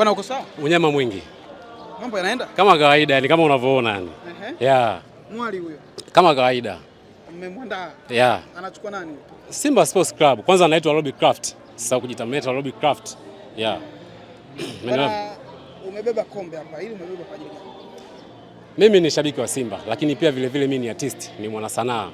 Bwana uko sawa? Unyama mwingi. Mambo yanaenda? Kama kawaida, yani kama unavyoona yani. uh Yeah. Mwali huyo. Kama kawaida. Mmemwanda. Yeah. Anachukua nani? Simba Sports Club. Kwanza anaitwa Robbie Craft. Sasa kujitameta Robbie Craft. Yeah. Bwana umebeba kombe hapa. Hili umebeba kwa ajili gani? Mimi ni shabiki wa Simba, lakini pia vile vile mimi ni artist, ni mwana sanaa.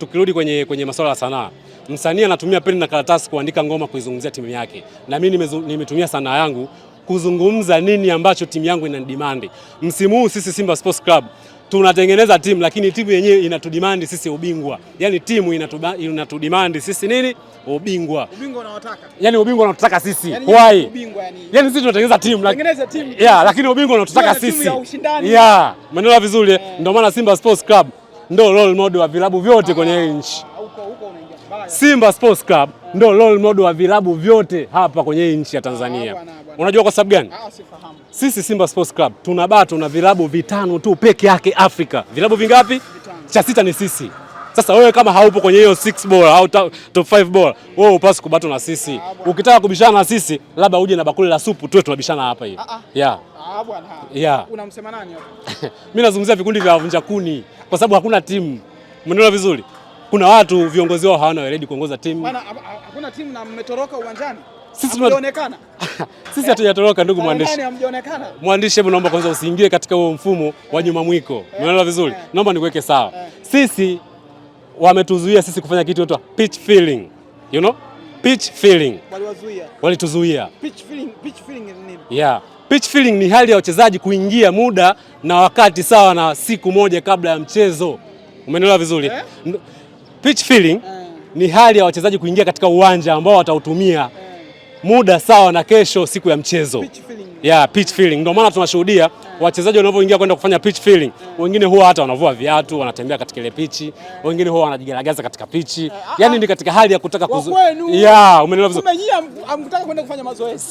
Tukirudi kwenye, kwenye masuala ya sanaa, msanii anatumia peni na karatasi kuandika ngoma kuizungumzia timu yake, na mimi nimetumia sanaa yangu kuzungumza nini ambacho timu yangu inadimandi Msimu huu sisi Simba Sports Club tunatengeneza timu lakini timu yenyewe inatudimandi sisi ubingwa. Yani timu inatudimandi sisi nini? Ubingwa. Ubingwa unawataka. Yani ubingwa unatutaka sisi. Yani why? Yaani ubingwa yani. Yani sisi tunatengeneza timu lakini timu. Yeah, lakini ubingwa unatutaka sisi. Yeah, maneno vizuri. Yeah. Ndio maana Simba Sports Club ndio role model wa vilabu vyote ah. kwenye nchi. Simba Sports Club ndo role model wa vilabu vyote hapa kwenye hii nchi ya Tanzania. Ah, Unajua kwa sababu gani? Ah, sisi Simba Sports Club tuna bato na vilabu vitano tu peke yake Afrika. Vilabu vingapi? Cha sita ni sisi. Sasa wewe kama haupo kwenye hiyo 6 ball au top 5 ball, wewe upasi kubato na sisi. Ah, Ukitaka kubishana na sisi, labda uje na bakuli la supu tuwe tunabishana hapa hivi. Yeah. Ah bwana. Yeah. Unamsema nani hapo? Mimi nazungumzia vikundi vya vunja kuni kwa sababu hakuna timu. Mnaelewa vizuri? kuna watu viongozi wao hawana weledi kuongoza timu. Hakuna timu na mmetoroka uwanjani. Sisi tunaonekana. Sisi hatujatoroka yeah. ndugu mwandishi. Mwandishi, hebu naomba kwanza usiingie katika huo mfumo yeah. wa nyuma mwiko. Eh, Unaelewa yeah. vizuri? Yeah. Naomba nikuweke sawa. Yeah. Sisi wametuzuia sisi kufanya kitu inaitwa pitch feeling. You know? Pitch feeling. Waliwazuia. Walituzuia. Pitch feeling, pitch feeling ni nini? Yeah. Pitch feeling ni hali ya wachezaji kuingia muda na wakati sawa na siku moja kabla ya mchezo. Umeelewa vizuri? Yeah. Pitch feeling ni hali ya wachezaji kuingia katika uwanja ambao watautumia eh. muda sawa na kesho siku ya mchezo. Pitch feeling yeah, pitch feeling. Ndio maana tunashuhudia wachezaji wanavyoingia kwenda kufanya pitch feeling, wengine huwa hata wanavua viatu, wanatembea katika ile pitch, wengine huwa wanajigaragaza katika pitch, eh, ah, yani ah. ni katika hali ya kutaka kuzu... yeah, umeelewa vizuri. amkutaka kwenda kufanya mazoezi.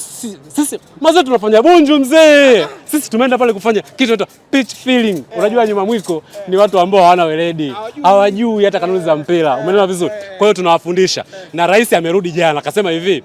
Sisi mazoezi tunafanya Bunju mzee, sisi tumeenda pale kufanya kitu kinaitwa pitch feeling. Eh. Unajua nyuma mwiko ni watu ambao hawana weledi, hawajui hata kanuni za eh. mpira, umeelewa vizuri. Kwa hiyo tunawafundisha, na rais amerudi jana akasema hivi,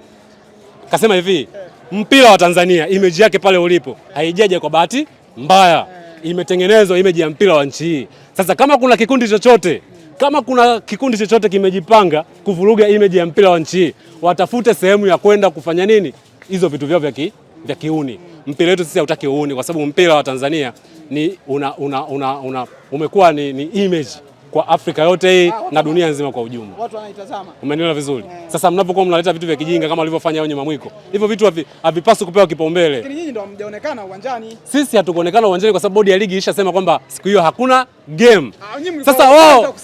akasema hivi mpira wa Tanzania image yake pale ulipo haijaje kwa bahati mbaya, imetengenezwa image ya mpira wa nchi hii. Sasa kama kuna kikundi chochote kama kuna kikundi chochote kimejipanga kuvuruga image ya mpira wa nchi hii, watafute sehemu ya kwenda kufanya nini hizo vitu vyao vya ki, vya kiuni. Mpira wetu sisi hautaki uuni, kwa sababu mpira wa Tanzania ni una, una, una, una, umekuwa ni, ni image kwa Afrika yote hii ah, na dunia nzima kwa ujumla. Watu wanaitazama. Umenielewa vizuri? Yeah. Sasa mnapokuwa mnaleta vitu vya kijinga kama walivyofanya wenye mamwiko, hivyo vitu havipaswi kupewa kipaumbele. Lakini nyinyi ndio mjaonekana uwanjani. Sisi hatukuonekana uwanjani kwa sababu bodi ya ligi ishasema kwamba siku hiyo hakuna game. Ah, Sasa wao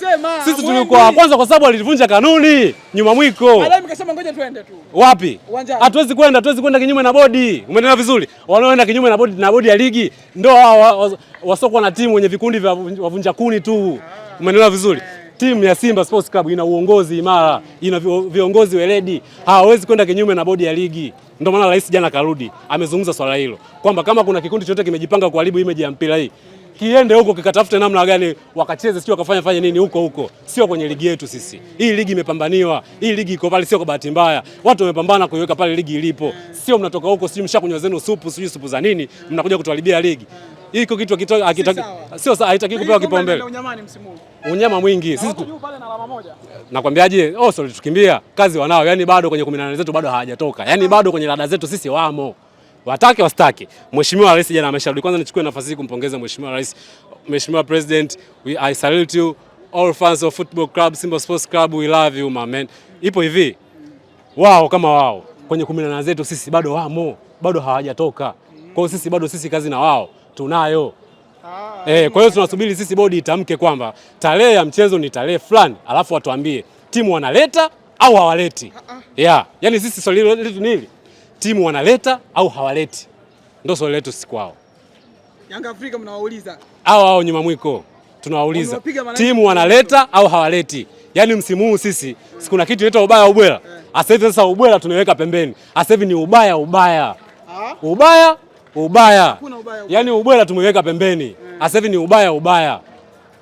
sisi tulikuwa kwanza kwa sababu walivunja kanuni nyuma mwiko. Umesema ngoja tuende tu. Wapi? Hatuwezi kwenda, hatuwezi kwenda kinyume na bodi. Umeelewa vizuri? Wanaoenda kinyume na bodi na bodi ya ligi ndio hao wasokwa na timu wenye vikundi vya wavunja kuni tu. Umeelewa vizuri? Timu ya Simba Sports Club ina uongozi imara, ina viongozi weledi, hawawezi kwenda kinyume na bodi ya ligi. Ndio maana rais jana karudi, amezungumza swala hilo kwamba kama kuna kikundi chochote kimejipanga kuharibu image ya mpira hii kiende huko kikatafute namna gani wakacheze, sio wakafanya fanye nini huko huko, sio kwenye ligi yetu sisi. Hii ligi imepambaniwa, hii ligi iko pale, sio kwa bahati mbaya. Watu wamepambana kuiweka pale ligi ilipo, sio mnatoka huko, sio mshakunywa zenu supu, sio supu za nini, mnakuja kutuharibia ligi. Hiko kitu sio sawa, haitaki kupewa kipaumbele. Unyama mwingi sisi nakwambiaje? Oh, sorry tukimbia kazi wanao, yani bado kwenye 18 zetu bado hawajatoka, yani ah. bado kwenye rada zetu sisi wamo watake wastaki. Mheshimiwa Rais jana amesharudi. Kwanza nichukue nafasi hii kumpongeza Mheshimiwa Rais, Mheshimiwa President, we, I salute you all fans of football club Simba Sports Club, we love you my man. Ipo hivi wao kama wao kwenye kumi na nane zetu sisi bado wamo, bado hawajatoka kwao, sisi bado sisi kazi na wao tunayo. Ah, eh, kwa hiyo tunasubiri sisi bodi itamke kwamba tarehe ya mchezo ni tarehe fulani, alafu watuambie timu wanaleta au hawaleti. Yeah, ah, yani yaani sisi swali letu ni hili timu wanaleta au hawaleti, ndio swali letu sisi kwao. Yanga Afrika mnawauliza hao hao nyuma mwiko, tunawauliza timu wanaleta au hawaleti. Yaani msimu huu sisi hmm. sikuna kitu inaitwa ubaya ubwela. Eh. Asa hivi sasa ubwela tunaweka pembeni, asa hivi ni ubaya ubaya ha? Ah? ubaya ubaya, yaani ubwela tumeweka pembeni, eh. asa hivi ni ubaya ubaya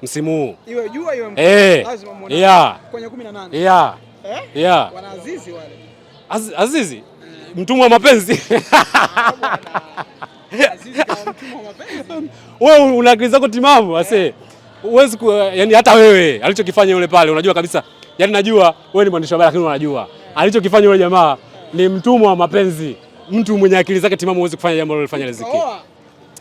msimu huu iwe jua iwe mvua eh, lazima muone kwenye 18 yeah Eh? yeah, Wana azizi wale azizi mtumwa mapenzi wewe una akili zako timamu ase uwezi yani, hata wewe alichokifanya yule pale unajua kabisa yani, najua wewe ni mwandishi wa habari lakini unajua alichokifanya yule jamaa ni mtumwa wa mapenzi. Mtu mwenye akili zake timamu huwezi kufanya jambo lilofanya Riziki.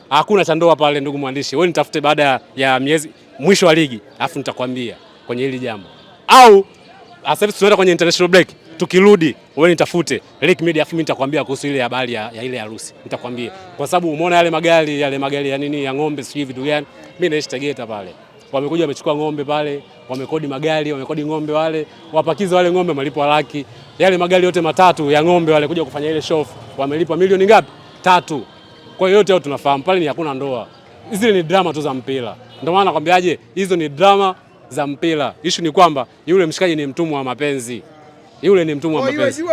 Hakuna cha ndoa pale, ndugu mwandishi, wewe nitafute baada ya miezi mwisho wa ligi, alafu nitakwambia kwenye hili jambo au sasa hivi tunaenda kwenye international break. Tukirudi wewe nitafute Rick Media, afu mimi nitakwambia kuhusu ile habari ya, ya ile harusi nitakwambia, kwa sababu umeona yale magari yale magari ya nini ya ng'ombe sijui vitu gani. Mimi naishi Tegeta pale, wamekuja wamechukua ng'ombe pale, wamekodi magari, wamekodi ng'ombe wale, wapakiza wale ng'ombe, malipo laki. Yale magari yote matatu ya ng'ombe wale kuja kufanya ile show, wamelipa milioni ngapi? Tatu. Kwa hiyo yote hao tunafahamu pale ni hakuna ndoa, hizi ni drama tu za mpira. Ndio maana nakwambiaje, hizo ni drama za mpira. Ishu ni kwamba yule mshikaji ni mtumwa wa mapenzi, yule ni mtumwa wa mapenzi.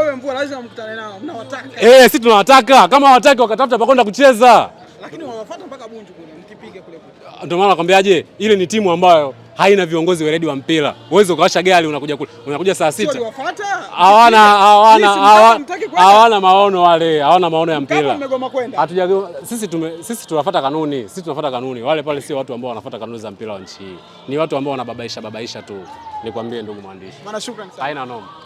Eh, sisi tunawataka kama hawataki wakatafuta pakwenda kucheza, lakini wanawafuata mpaka Bunju kule, mkipiga kule. Ndio maana nakwambiaje, ile ni timu ambayo haina viongozi weledi wa mpira. Uwezi ukawasha gari unakuja kule, unakuja saa sita. Hawana hawana hawana maono wale, hawana maono ya mpira. Hatuja sisi tume, sisi tunafuata kanuni, sisi tunafuata kanuni. Wale pale sio watu ambao wanafuata kanuni za mpira wa nchi hii, ni watu ambao wanababaisha babaisha tu. Nikwambie ndugu mwandishi, haina noma.